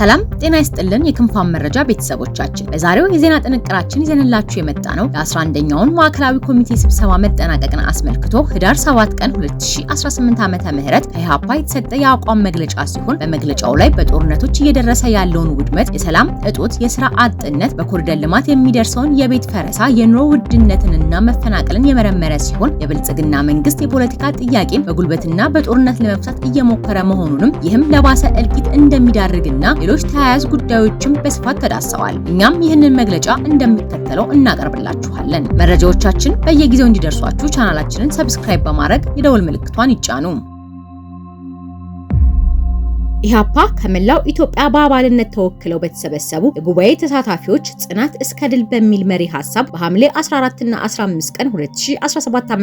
ሰላም ጤና ይስጥልን። የክንፋን መረጃ ቤተሰቦቻችን በዛሬው የዜና ጥንቅራችን ይዘንላችሁ የመጣ ነው የ11ኛውን ማዕከላዊ ኮሚቴ ስብሰባ መጠናቀቅን አስመልክቶ ህዳር 7 ቀን 2018 ዓመተ ም ከኢህአፓ የተሰጠ የአቋም መግለጫ ሲሆን በመግለጫው ላይ በጦርነቶች እየደረሰ ያለውን ውድመት፣ የሰላም እጦት፣ የስራ አጥነት፣ በኮሪደር ልማት የሚደርሰውን የቤት ፈረሳ፣ የኑሮ ውድነትንና መፈናቀልን የመረመረ ሲሆን የብልጽግና መንግስት የፖለቲካ ጥያቄን በጉልበትና በጦርነት ለመፍታት እየሞከረ መሆኑንም ይህም ለባሰ እልቂት እንደሚዳርግና ሌሎች ተያያዥ ጉዳዮችም በስፋት ተዳሰዋል። እኛም ይህንን መግለጫ እንደሚከተለው እናቀርብላችኋለን። መረጃዎቻችን በየጊዜው እንዲደርሷችሁ ቻናላችንን ሰብስክራይብ በማድረግ የደወል ምልክቷን ይጫኑ። ኢህአፓ ከመላው ኢትዮጵያ በአባልነት ተወክለው በተሰበሰቡ የጉባኤ ተሳታፊዎች ጽናት እስከ ድል በሚል መሪ ሀሳብ በሐምሌ 14 እና 15 ቀን 2017 ዓ.ም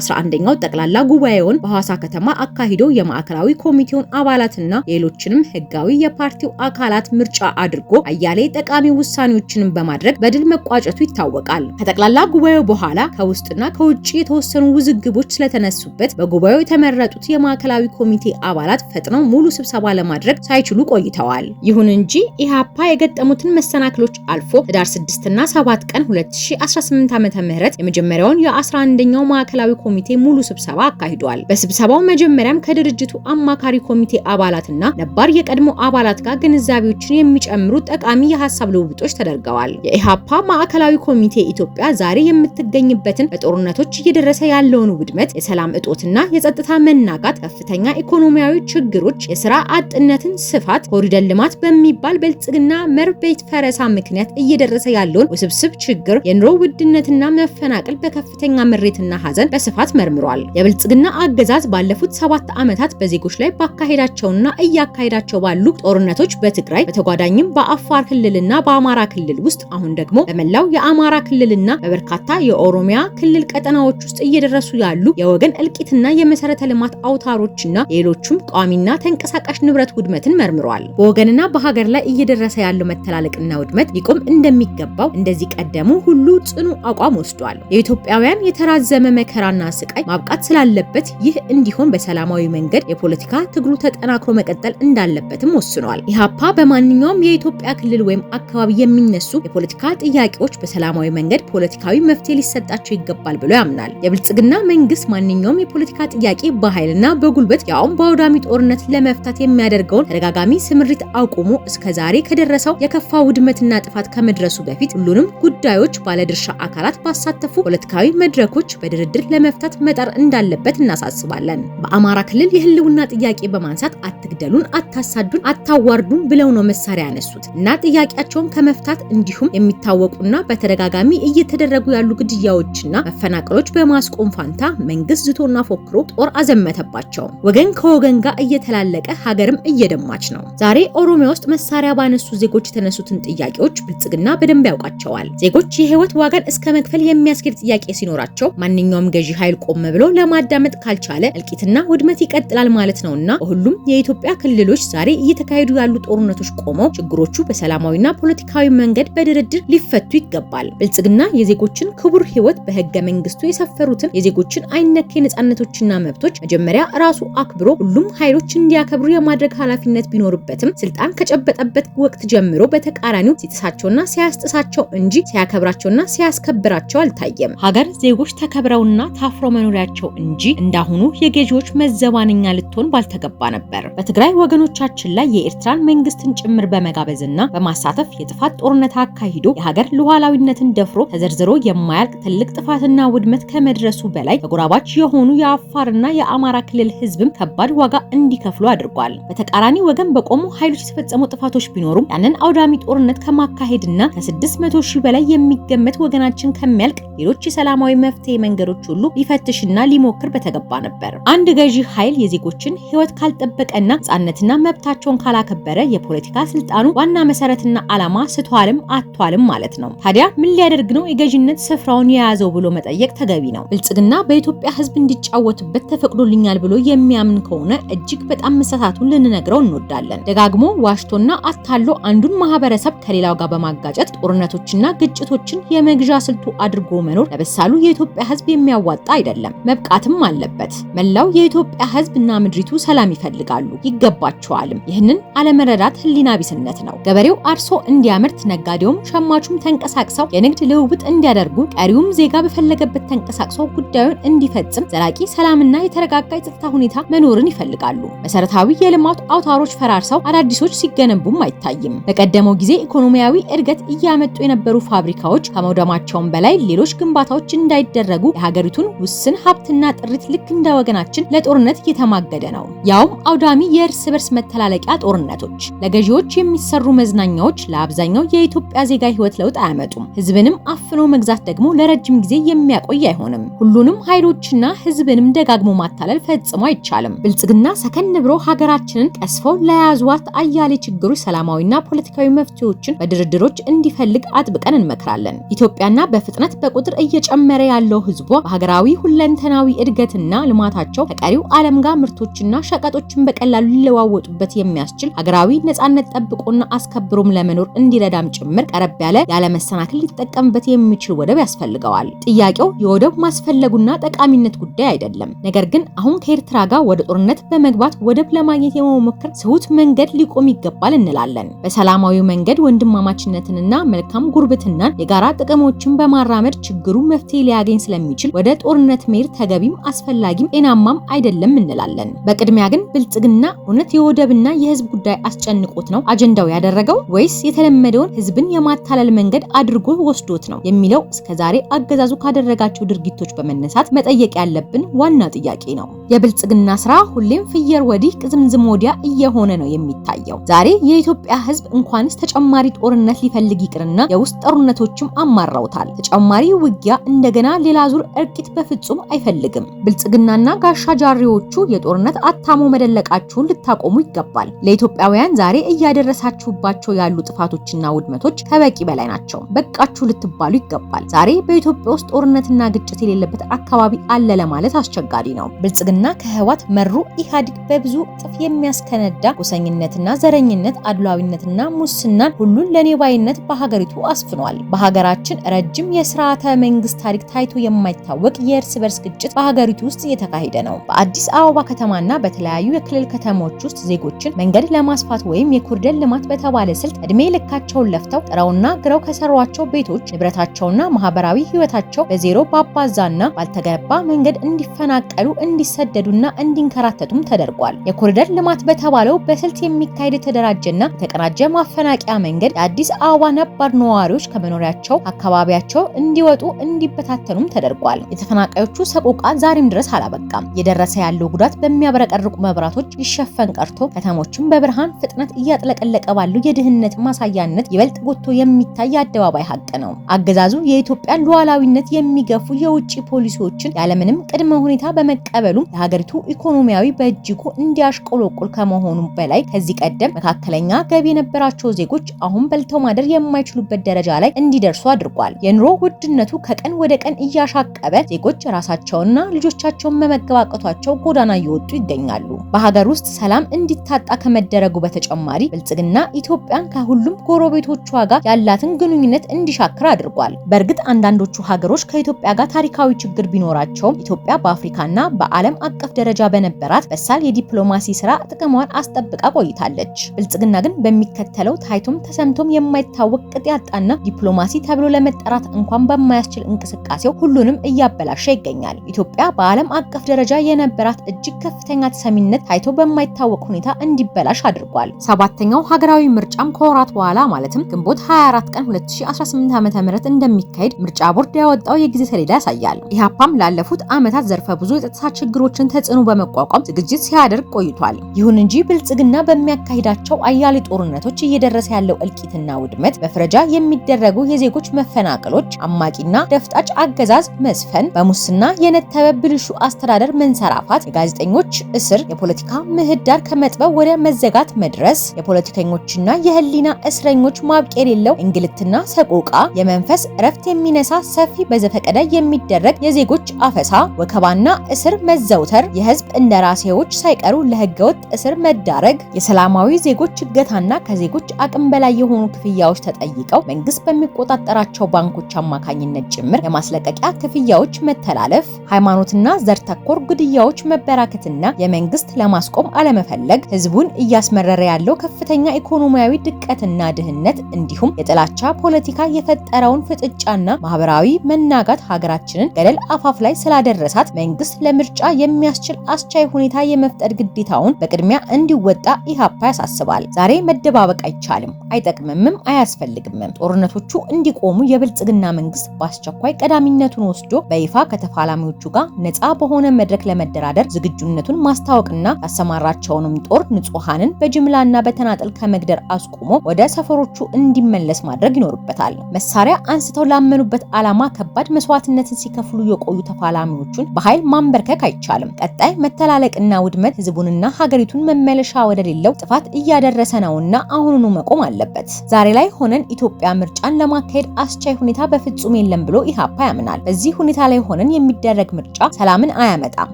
11ኛው ጠቅላላ ጉባኤውን በሐዋሳ ከተማ አካሂዶ የማዕከላዊ ኮሚቴውን አባላትና ሌሎችንም ህጋዊ የፓርቲው አካላት ምርጫ አድርጎ አያሌ ጠቃሚ ውሳኔዎችንም በማድረግ በድል መቋጨቱ ይታወቃል። ከጠቅላላ ጉባኤው በኋላ ከውስጥና ከውጭ የተወሰኑ ውዝግቦች ስለተነሱበት በጉባኤው የተመረጡት የማዕከላዊ ኮሚቴ አባላት ፈጥነው ሙሉ ስብሰባ ለማድረግ ሳይችሉ ቆይተዋል። ይሁን እንጂ ኢህአፓ የገጠሙትን መሰናክሎች አልፎ ህዳር 6 እና 7 ቀን 2018 ዓመተ ምህረት የመጀመሪያውን የ11ኛው ማዕከላዊ ኮሚቴ ሙሉ ስብሰባ አካሂዷል። በስብሰባው መጀመሪያም ከድርጅቱ አማካሪ ኮሚቴ አባላትና ነባር የቀድሞ አባላት ጋር ግንዛቤዎችን የሚጨምሩ ጠቃሚ የሀሳብ ልውውጦች ተደርገዋል። የኢህአፓ ማዕከላዊ ኮሚቴ ኢትዮጵያ ዛሬ የምትገኝበትን በጦርነቶች እየደረሰ ያለውን ውድመት፣ የሰላም እጦትና የጸጥታ መናጋት፣ ከፍተኛ ኢኮኖሚያዊ ችግሮች፣ የስራ አጥነትን ስፋት ኮሪደር ልማት በሚባል ብልጽግና መር ቤት ፈረሳ ምክንያት እየደረሰ ያለውን ውስብስብ ችግር የኑሮ ውድነትና መፈናቀል በከፍተኛ ምሬትና ሀዘን በስፋት መርምሯል። የብልጽግና አገዛዝ ባለፉት ሰባት ዓመታት በዜጎች ላይ ባካሄዳቸውና እያካሄዳቸው ባሉ ጦርነቶች በትግራይ በተጓዳኝም በአፋር ክልልና በአማራ ክልል ውስጥ አሁን ደግሞ በመላው የአማራ ክልልና በበርካታ የኦሮሚያ ክልል ቀጠናዎች ውስጥ እየደረሱ ያሉ የወገን እልቂትና የመሰረተ ልማት አውታሮችና ሌሎቹም ቋሚና ተንቀሳቃሽ ንብረት ውድመትን መርምሯል። በወገንና በሀገር ላይ እየደረሰ ያለው መተላለቅና ውድመት ሊቆም እንደሚገባው እንደዚህ ቀደሙ ሁሉ ጽኑ አቋም ወስዷል። የኢትዮጵያውያን የተራዘመ መከራና ስቃይ ማብቃት ስላለበት ይህ እንዲሆን በሰላማዊ መንገድ የፖለቲካ ትግሉ ተጠናክሮ መቀጠል እንዳለበትም ወስኗል። ኢህአፓ በማንኛውም የኢትዮጵያ ክልል ወይም አካባቢ የሚነሱ የፖለቲካ ጥያቄዎች በሰላማዊ መንገድ ፖለቲካዊ መፍትሄ ሊሰጣቸው ይገባል ብሎ ያምናል። የብልጽግና መንግስት ማንኛውም የፖለቲካ ጥያቄ በኃይልና በጉልበት ያውም በአውዳሚ ጦርነት ለመፍታት የሚ የሚያደርገውን ተደጋጋሚ ስምሪት አቁሞ ዛሬ ከደረሰው የከፋ ውድመትና ጥፋት ከመድረሱ በፊት ሁሉንም ጉዳዮች ባለድርሻ አካላት ባሳተፉ ፖለቲካዊ መድረኮች በድርድር ለመፍታት መጣር እንዳለበት እናሳስባለን። በአማራ ክልል የህልውና ጥያቄ በማንሳት አትግደሉን፣ አታሳዱን፣ አታዋርዱን ብለው ነው መሳሪያ ያነሱት እና ጥያቄያቸውን ከመፍታት እንዲሁም የሚታወቁና በተደጋጋሚ እየተደረጉ ያሉ ግድያዎችና መፈናቀሎች በማስቆም ፋንታ መንግስት ዝቶና ፎክሮ ጦር አዘመተባቸው። ወገን ከወገን ጋር እየተላለቀ ሀገር ሀገርም እየደማች ነው። ዛሬ ኦሮሚያ ውስጥ መሳሪያ ባነሱ ዜጎች የተነሱትን ጥያቄዎች ብልጽግና በደንብ ያውቃቸዋል። ዜጎች የህይወት ዋጋን እስከ መክፈል የሚያስኬድ ጥያቄ ሲኖራቸው ማንኛውም ገዢ ኃይል ቆም ብሎ ለማዳመጥ ካልቻለ እልቂትና ውድመት ይቀጥላል ማለት ነውና በሁሉም የኢትዮጵያ ክልሎች ዛሬ እየተካሄዱ ያሉ ጦርነቶች ቆመው ችግሮቹ በሰላማዊና ፖለቲካዊ መንገድ በድርድር ሊፈቱ ይገባል። ብልጽግና የዜጎችን ክቡር ህይወት በህገ መንግስቱ የሰፈሩትን የዜጎችን አይነኬ ነጻነቶችና መብቶች መጀመሪያ ራሱ አክብሮ ሁሉም ኃይሎች እንዲያከብሩ የማ የማድረግ ኃላፊነት ቢኖርበትም ስልጣን ከጨበጠበት ወቅት ጀምሮ በተቃራኒው ሲጥሳቸውና ሲያስጥሳቸው እንጂ ሲያከብራቸውና ሲያስከብራቸው አልታየም። ሀገር ዜጎች ተከብረውና ታፍሮ መኖሪያቸው እንጂ እንዳሁኑ የገዢዎች መዘባነኛ ልትሆን ባልተገባ ነበር። በትግራይ ወገኖቻችን ላይ የኤርትራን መንግስትን ጭምር በመጋበዝና በማሳተፍ የጥፋት ጦርነት አካሂዶ የሀገር ሉዓላዊነትን ደፍሮ ተዘርዝሮ የማያልቅ ትልቅ ጥፋትና ውድመት ከመድረሱ በላይ ተጎራባች የሆኑ የአፋርና የአማራ ክልል ህዝብም ከባድ ዋጋ እንዲከፍሉ አድርጓል። በተቃራኒ ወገን በቆሙ ኃይሎች የተፈጸሙ ጥፋቶች ቢኖሩም ያንን አውዳሚ ጦርነት ከማካሄድና ከ600 ሺህ በላይ የሚገመት ወገናችን ከሚያልቅ ሌሎች የሰላማዊ መፍትሄ መንገዶች ሁሉ ሊፈትሽና ሊሞክር በተገባ ነበር። አንድ ገዢ ኃይል የዜጎችን ሕይወት ካልጠበቀና ነጻነትና መብታቸውን ካላከበረ የፖለቲካ ስልጣኑ ዋና መሰረትና ዓላማ ስቷልም አቷልም ማለት ነው። ታዲያ ምን ሊያደርግ ነው የገዢነት ስፍራውን የያዘው ብሎ መጠየቅ ተገቢ ነው። ብልጽግና በኢትዮጵያ ሕዝብ እንዲጫወቱበት ተፈቅዶልኛል ብሎ የሚያምን ከሆነ እጅግ በጣም መሳሳቱን ልንነግረው እንወዳለን። ደጋግሞ ዋሽቶና አታሎ አንዱን ማህበረሰብ ከሌላው ጋር በማጋጨት ጦርነቶችና ግጭቶችን የመግዣ ስልቱ አድርጎ መኖር ለበሳሉ የኢትዮጵያ ህዝብ የሚያዋጣ አይደለም። መብቃትም አለበት። መላው የኢትዮጵያ ህዝብ እና ምድሪቱ ሰላም ይፈልጋሉ ይገባቸዋልም። ይህንን አለመረዳት ህሊና ቢስነት ነው። ገበሬው አርሶ እንዲያመርት፣ ነጋዴውም ሸማቹም ተንቀሳቅሰው የንግድ ልውውጥ እንዲያደርጉ፣ ቀሪውም ዜጋ በፈለገበት ተንቀሳቅሶ ጉዳዩን እንዲፈጽም ዘላቂ ሰላምና የተረጋጋ የጸጥታ ሁኔታ መኖርን ይፈልጋሉ። መሰረታዊ የልማ የልማት አውታሮች ፈራርሰው አዳዲሶች ሲገነቡም አይታይም። በቀደመው ጊዜ ኢኮኖሚያዊ እድገት እያመጡ የነበሩ ፋብሪካዎች ከመውደማቸውም በላይ ሌሎች ግንባታዎች እንዳይደረጉ የሀገሪቱን ውስን ሀብትና ጥሪት ልክ እንደ ወገናችን ለጦርነት እየተማገደ ነው። ያውም አውዳሚ የእርስ በርስ መተላለቂያ ጦርነቶች። ለገዢዎች የሚሰሩ መዝናኛዎች ለአብዛኛው የኢትዮጵያ ዜጋ ህይወት ለውጥ አያመጡም። ህዝብንም አፍኖ መግዛት ደግሞ ለረጅም ጊዜ የሚያቆይ አይሆንም። ሁሉንም ኃይሎችና ህዝብንም ደጋግሞ ማታለል ፈጽሞ አይቻልም። ብልጽግና ሰከን ብሎ ሀገራችን ሀገራችንን ቀስፈው ለያዟት አያሌ ችግሮች ሰላማዊና ፖለቲካዊ መፍትሄዎችን በድርድሮች እንዲፈልግ አጥብቀን እንመክራለን። ኢትዮጵያና በፍጥነት በቁጥር እየጨመረ ያለው ህዝቧ በሀገራዊ ሁለንተናዊ እድገትና ልማታቸው ከቀሪው ዓለም ጋር ምርቶችና ሸቀጦችን በቀላሉ ሊለዋወጡበት የሚያስችል ሀገራዊ ነጻነት ጠብቆና አስከብሮም ለመኖር እንዲረዳም ጭምር ቀረብ ያለ ያለመሰናክል ሊጠቀምበት የሚችል ወደብ ያስፈልገዋል። ጥያቄው የወደብ ማስፈለጉና ጠቃሚነት ጉዳይ አይደለም። ነገር ግን አሁን ከኤርትራ ጋር ወደ ጦርነት በመግባት ወደብ ለማግኘት ለውይይት የመሞከር ትሁት መንገድ ሊቆም ይገባል እንላለን። በሰላማዊ መንገድ ወንድማማችነትንና መልካም ጉርብትናን የጋራ ጥቅሞችን በማራመድ ችግሩ መፍትሄ ሊያገኝ ስለሚችል ወደ ጦርነት መሄድ ተገቢም አስፈላጊም ጤናማም አይደለም እንላለን። በቅድሚያ ግን ብልጽግና እውነት የወደብና የህዝብ ጉዳይ አስጨንቆት ነው አጀንዳው ያደረገው ወይስ የተለመደውን ህዝብን የማታለል መንገድ አድርጎ ወስዶት ነው የሚለው እስከዛሬ አገዛዙ ካደረጋቸው ድርጊቶች በመነሳት መጠየቅ ያለብን ዋና ጥያቄ ነው። የብልጽግና ስራ ሁሌም ፍየር ወዲህ ቅዝምዝም ከአሁንም ወዲያ እየሆነ ነው የሚታየው። ዛሬ የኢትዮጵያ ሕዝብ እንኳንስ ተጨማሪ ጦርነት ሊፈልግ ይቅርና የውስጥ ጦርነቶችም አማራውታል። ተጨማሪ ውጊያ፣ እንደገና ሌላ ዙር እርቂት በፍጹም አይፈልግም። ብልጽግናና ጋሻ ጃሪዎቹ የጦርነት አታሞ መደለቃችሁን ልታቆሙ ይገባል። ለኢትዮጵያውያን ዛሬ እያደረሳችሁባቸው ያሉ ጥፋቶችና ውድመቶች ከበቂ በላይ ናቸው። በቃችሁ ልትባሉ ይገባል። ዛሬ በኢትዮጵያ ውስጥ ጦርነትና ግጭት የሌለበት አካባቢ አለ ለማለት አስቸጋሪ ነው። ብልጽግና ከህወሓት መሩ ኢህአዴግ በብዙ ጥፍ የሚያስከነዳ ጎሰኝነትና ዘረኝነት፣ አድሏዊነትና ሙስናን፣ ሁሉን ለኔባይነት በሀገሪቱ አስፍኗል። በሀገራችን ረጅም የስርዓተ መንግስት ታሪክ ታይቶ የማይታወቅ የእርስ በርስ ግጭት በሀገሪቱ ውስጥ እየተካሄደ ነው። በአዲስ አበባ ከተማና በተለያዩ የክልል ከተሞች ውስጥ ዜጎችን መንገድ ለማስፋት ወይም የኮሪደር ልማት በተባለ ስልት እድሜ ልካቸውን ለፍተው ጥረውና ግረው ከሰሯቸው ቤቶች ንብረታቸውና ማህበራዊ ህይወታቸው በዜሮ ባባዛና ባልተገባ መንገድ እንዲፈናቀሉ እንዲሰደዱና እንዲንከራተቱም ተደርጓል። የኮሪደር ልማት በተባለው በስልት የሚካሄድ የተደራጀና የተቀናጀ ማፈናቂያ መንገድ የአዲስ አበባ ነባር ነዋሪዎች ከመኖሪያቸው አካባቢያቸው እንዲወጡ እንዲበታተኑም ተደርጓል። የተፈናቃዮቹ ሰቆቃ ዛሬም ድረስ አላበቃም። የደረሰ ያለው ጉዳት በሚያብረቀርቁ መብራቶች ይሸፈን ቀርቶ ከተሞችን በብርሃን ፍጥነት እያጥለቀለቀ ባሉ የድህነት ማሳያነት ይበልጥ ጎቶ የሚታይ የአደባባይ ሀቅ ነው። አገዛዙ የኢትዮጵያን ሉዓላዊነት የሚገፉ የውጭ ፖሊሲዎችን ያለምንም ቅድመ ሁኔታ በመቀበሉ የሀገሪቱ ኢኮኖሚያዊ በእጅጉ እንዲያሽቆሎ በኩል ከመሆኑ በላይ ከዚህ ቀደም መካከለኛ ገቢ የነበራቸው ዜጎች አሁን በልተው ማደር የማይችሉበት ደረጃ ላይ እንዲደርሱ አድርጓል። የኑሮ ውድነቱ ከቀን ወደ ቀን እያሻቀበ ዜጎች ራሳቸውንና ልጆቻቸውን መመገብ አቅቷቸው ጎዳና እየወጡ ይገኛሉ። በሀገር ውስጥ ሰላም እንዲታጣ ከመደረጉ በተጨማሪ ብልጽግና ኢትዮጵያን ከሁሉም ጎረቤቶቿ ጋር ያላትን ግንኙነት እንዲሻክር አድርጓል። በእርግጥ አንዳንዶቹ ሀገሮች ከኢትዮጵያ ጋር ታሪካዊ ችግር ቢኖራቸውም ኢትዮጵያ በአፍሪካና በዓለም አቀፍ ደረጃ በነበራት በሳል የዲፕሎማሲ ስራ ጥቅሟን አስጠብቃ ቆይታለች። ብልጽግና ግን በሚከተለው ታይቶም ተሰምቶም የማይታወቅ ቅጥ ያጣና ዲፕሎማሲ ተብሎ ለመጠራት እንኳን በማያስችል እንቅስቃሴው ሁሉንም እያበላሸ ይገኛል። ኢትዮጵያ በዓለም አቀፍ ደረጃ የነበራት እጅግ ከፍተኛ ተሰሚነት ታይቶ በማይታወቅ ሁኔታ እንዲበላሽ አድርጓል። ሰባተኛው ሀገራዊ ምርጫም ከወራት በኋላ ማለትም ግንቦት 24 ቀን 2018 ዓ.ም እንደሚካሄድ ምርጫ ቦርድ ያወጣው የጊዜ ሰሌዳ ያሳያል። ኢህአፓም ላለፉት ዓመታት ዘርፈ ብዙ የጸጥታ ችግሮችን ተጽዕኖ በመቋቋም ዝግጅት ሲያደርግ ቆይቷል። ይሁን እንጂ ብልጽግና በሚያካሂዳቸው አያሌ ጦርነቶች እየደረሰ ያለው እልቂትና ውድመት፣ በፍረጃ የሚደረጉ የዜጎች መፈናቀሎች፣ አማቂና ደፍጣጭ አገዛዝ መስፈን። በሙስና የነተበ ብልሹ አስተዳደር መንሰራፋት፣ የጋዜጠኞች እስር፣ የፖለቲካ ምህዳር ከመጥበብ ወደ መዘጋት መድረስ፣ የፖለቲከኞችና የህሊና እስረኞች ማብቂያ የሌለው እንግልትና ሰቆቃ፣ የመንፈስ እረፍት የሚነሳ ሰፊ በዘፈቀደ የሚደረግ የዜጎች አፈሳ፣ ወከባና እስር መዘውተር፣ የህዝብ እንደራሴዎች ሳይቀሩ ለህገወጥ እስር መዳረግ፣ የሰላማዊ ዜጎች እገታና ከዜጎች አቅም በላይ የሆኑ ክፍያዎች ተጠይቀው መንግስት በሚቆጣጠራቸው ባንኮች አማካኝነት ጭምር የማስለቀቂያ ክፍያዎች መተላለፍ፣ ሃይማኖትና ዘር ተኮር ግድያዎች መበራከትና የመንግስት ለማስቆም አለመፈለግ ህዝቡን እያስመረረ ያለው ከፍተኛ ኢኮኖሚያዊ ድቀትና ድህነት እንዲሁም የጥላቻ ፖለቲካ የፈጠረውን ፍጥጫና ማህበራዊ መናጋት ሀገራችንን ገደል አፋፍ ላይ ስላደረሳት መንግስት ለምርጫ የሚያስችል አስቻይ ሁኔታ የመፍጠር ግዴታውን በ ቅድሚያ እንዲወጣ ኢህአፓ ያሳስባል። ዛሬ መደባበቅ አይቻልም፣ አይጠቅምምም፣ አያስፈልግምም። ጦርነቶቹ እንዲቆሙ የብልጽግና መንግስት በአስቸኳይ ቀዳሚነቱን ወስዶ በይፋ ከተፋላሚዎቹ ጋር ነፃ በሆነ መድረክ ለመደራደር ዝግጁነቱን ማስታወቅና ያሰማራቸውንም ጦር ንጹሐንን በጅምላና በተናጠል ከመግደር አስቆሞ ወደ ሰፈሮቹ እንዲመለስ ማድረግ ይኖርበታል። መሳሪያ አንስተው ላመኑበት ዓላማ ከባድ መስዋዕትነትን ሲከፍሉ የቆዩ ተፋላሚዎቹን በኃይል ማንበርከክ አይቻልም። ቀጣይ መተላለቅና ውድመት ህዝቡንና ሀገሪ ሀገሪቱን መመለሻ ወደሌለው ጥፋት እያደረሰ ነውና አሁኑኑ መቆም አለበት። ዛሬ ላይ ሆነን ኢትዮጵያ ምርጫን ለማካሄድ አስቻይ ሁኔታ በፍጹም የለም ብሎ ኢሃፓ ያምናል። በዚህ ሁኔታ ላይ ሆነን የሚደረግ ምርጫ ሰላምን አያመጣም፣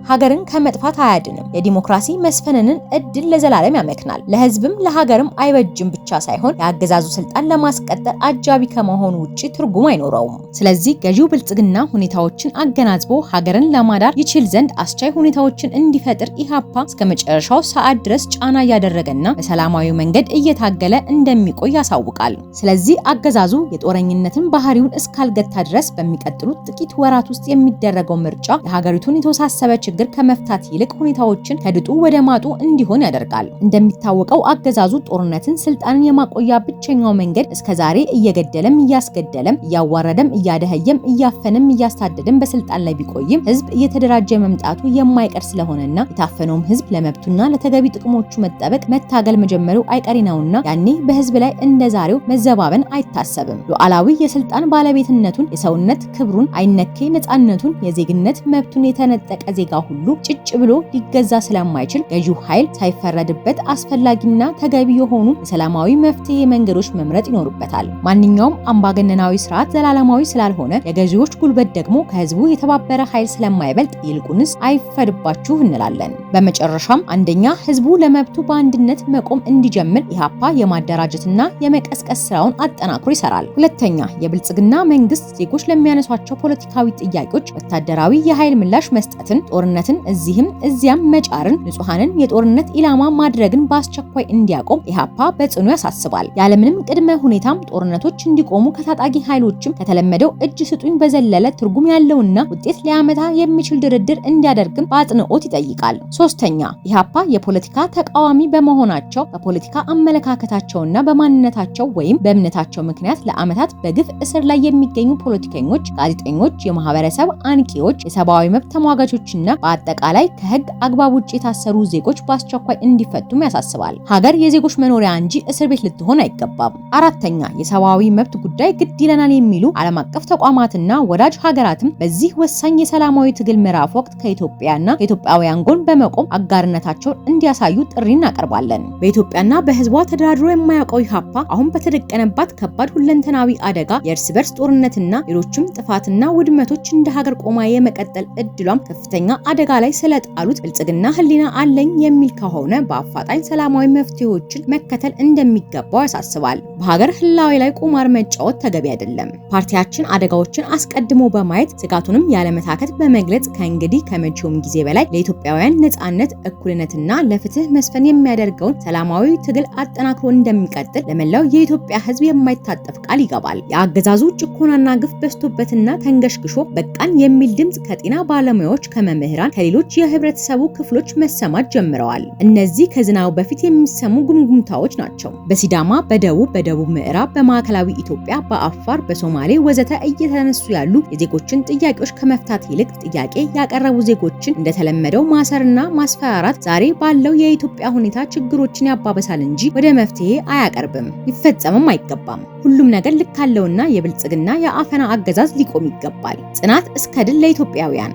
ሀገርን ከመጥፋት አያድንም፣ የዲሞክራሲ መስፈንንን እድል ለዘላለም ያመክናል፣ ለህዝብም ለሀገርም አይበጅም ብቻ ሳይሆን የአገዛዙ ስልጣን ለማስቀጠል አጃቢ ከመሆኑ ውጭ ትርጉም አይኖረውም። ስለዚህ ገዢው ብልጽግና ሁኔታዎችን አገናዝቦ ሀገርን ለማዳር ይችል ዘንድ አስቻይ ሁኔታዎችን እንዲፈጥር ኢሃፓ እስከ መጨረሻው ሰዓት ድረስ ጫና እያደረገና በሰላማዊ መንገድ እየታገለ እንደሚቆይ ያሳውቃል። ስለዚህ አገዛዙ የጦረኝነትን ባህሪውን እስካልገታ ድረስ በሚቀጥሉት ጥቂት ወራት ውስጥ የሚደረገው ምርጫ የሀገሪቱን የተወሳሰበ ችግር ከመፍታት ይልቅ ሁኔታዎችን ከድጡ ወደ ማጡ እንዲሆን ያደርጋል። እንደሚታወቀው አገዛዙ ጦርነትን ስልጣንን የማቆያ ብቸኛው መንገድ እስከዛሬ እየገደለም እያስገደለም እያዋረደም እያደኸየም እያፈንም እያሳደደም በስልጣን ላይ ቢቆይም ህዝብ እየተደራጀ መምጣቱ የማይቀር ስለሆነና የታፈነውም ህዝብ ለመብቱና ከተገቢ ጥቅሞቹ መጠበቅ መታገል መጀመሩ አይቀሬ ነውና ያኔ በህዝብ ላይ እንደ ዛሬው መዘባበን አይታሰብም። ሉዓላዊ የስልጣን ባለቤትነቱን፣ የሰውነት ክብሩን፣ አይነኬ ነፃነቱን፣ የዜግነት መብቱን የተነጠቀ ዜጋ ሁሉ ጭጭ ብሎ ሊገዛ ስለማይችል ገዢው ኃይል ሳይፈረድበት አስፈላጊና ተገቢ የሆኑ የሰላማዊ መፍትሄ መንገዶች መምረጥ ይኖሩበታል። ማንኛውም አምባገነናዊ ስርዓት ዘላለማዊ ስላልሆነ የገዢዎች ጉልበት ደግሞ ከህዝቡ የተባበረ ኃይል ስለማይበልጥ ይልቁንስ አይፈድባችሁ እንላለን። በመጨረሻም አንደኛ ህዝቡ ለመብቱ በአንድነት መቆም እንዲጀምር ኢህአፓ የማደራጀትና የመቀስቀስ ስራውን አጠናክሮ ይሰራል። ሁለተኛ፣ የብልጽግና መንግስት ዜጎች ለሚያነሷቸው ፖለቲካዊ ጥያቄዎች ወታደራዊ የኃይል ምላሽ መስጠትን፣ ጦርነትን እዚህም እዚያም መጫርን፣ ንጹሐንን የጦርነት ኢላማ ማድረግን በአስቸኳይ እንዲያቆም ኢህአፓ በጽኑ ያሳስባል። ያለምንም ቅድመ ሁኔታም ጦርነቶች እንዲቆሙ ከታጣቂ ኃይሎችም ከተለመደው እጅ ስጡኝ በዘለለ ትርጉም ያለውና ውጤት ሊያመታ የሚችል ድርድር እንዲያደርግም በአጽንኦት ይጠይቃል። ሶስተኛ ኢህአፓ የፖለቲካ ተቃዋሚ በመሆናቸው በፖለቲካ አመለካከታቸውና በማንነታቸው ወይም በእምነታቸው ምክንያት ለዓመታት በግፍ እስር ላይ የሚገኙ ፖለቲከኞች፣ ጋዜጠኞች፣ የማህበረሰብ አንቂዎች፣ የሰብአዊ መብት ተሟጋቾችና በአጠቃላይ ከህግ አግባብ ውጭ የታሰሩ ዜጎች በአስቸኳይ እንዲፈቱም ያሳስባል። ሀገር የዜጎች መኖሪያ እንጂ እስር ቤት ልትሆን አይገባም። አራተኛ የሰብአዊ መብት ጉዳይ ግድ ይለናል የሚሉ ዓለም አቀፍ ተቋማትና ወዳጅ ሀገራትም በዚህ ወሳኝ የሰላማዊ ትግል ምዕራፍ ወቅት ከኢትዮጵያና ከኢትዮጵያውያን ጎን በመቆም አጋርነታቸውን እንዲያሳዩ ጥሪ እናቀርባለን። በኢትዮጵያና በህዝቧ ተደራድሮ የማያውቀው ኢህአፓ አሁን በተደቀነባት ከባድ ሁለንተናዊ አደጋ የእርስ በርስ ጦርነትና ሌሎችም ጥፋትና ውድመቶች እንደ ሀገር ቆማ የመቀጠል እድሏም ከፍተኛ አደጋ ላይ ስለጣሉት ብልጽግና ህሊና አለኝ የሚል ከሆነ በአፋጣኝ ሰላማዊ መፍትሄዎችን መከተል እንደሚገባው ያሳስባል። በሀገር ህላዊ ላይ ቁማር መጫወት ተገቢ አይደለም። ፓርቲያችን አደጋዎችን አስቀድሞ በማየት ስጋቱንም ያለመታከት በመግለጽ ከእንግዲህ ከመቼውም ጊዜ በላይ ለኢትዮጵያውያን ነጻነት፣ እኩልነትና ለፍትህ መስፈን የሚያደርገውን ሰላማዊ ትግል አጠናክሮ እንደሚቀጥል ለመላው የኢትዮጵያ ሕዝብ የማይታጠፍ ቃል ይገባል። የአገዛዙ ጭኮናና ግፍ በዝቶበትና ተንገሽግሾ በቃን የሚል ድምፅ ከጤና ባለሙያዎች፣ ከመምህራን፣ ከሌሎች የህብረተሰቡ ክፍሎች መሰማት ጀምረዋል። እነዚህ ከዝናቡ በፊት የሚሰሙ ጉምጉምታዎች ናቸው። በሲዳማ፣ በደቡብ፣ በደቡብ ምዕራብ፣ በማዕከላዊ ኢትዮጵያ፣ በአፋር፣ በሶማሌ ወዘተ እየተነሱ ያሉ የዜጎችን ጥያቄዎች ከመፍታት ይልቅ ጥያቄ ያቀረቡ ዜጎችን እንደተለመደው ማሰርና ማስፈራራት ዛሬ ባለው የኢትዮጵያ ሁኔታ ችግሮችን ያባበሳል እንጂ ወደ መፍትሄ አያቀርብም፣ ሊፈጸምም አይገባም። ሁሉም ነገር ልካለውና የብልጽግና የአፈና አገዛዝ ሊቆም ይገባል። ጽናት እስከ ድል ለኢትዮጵያውያን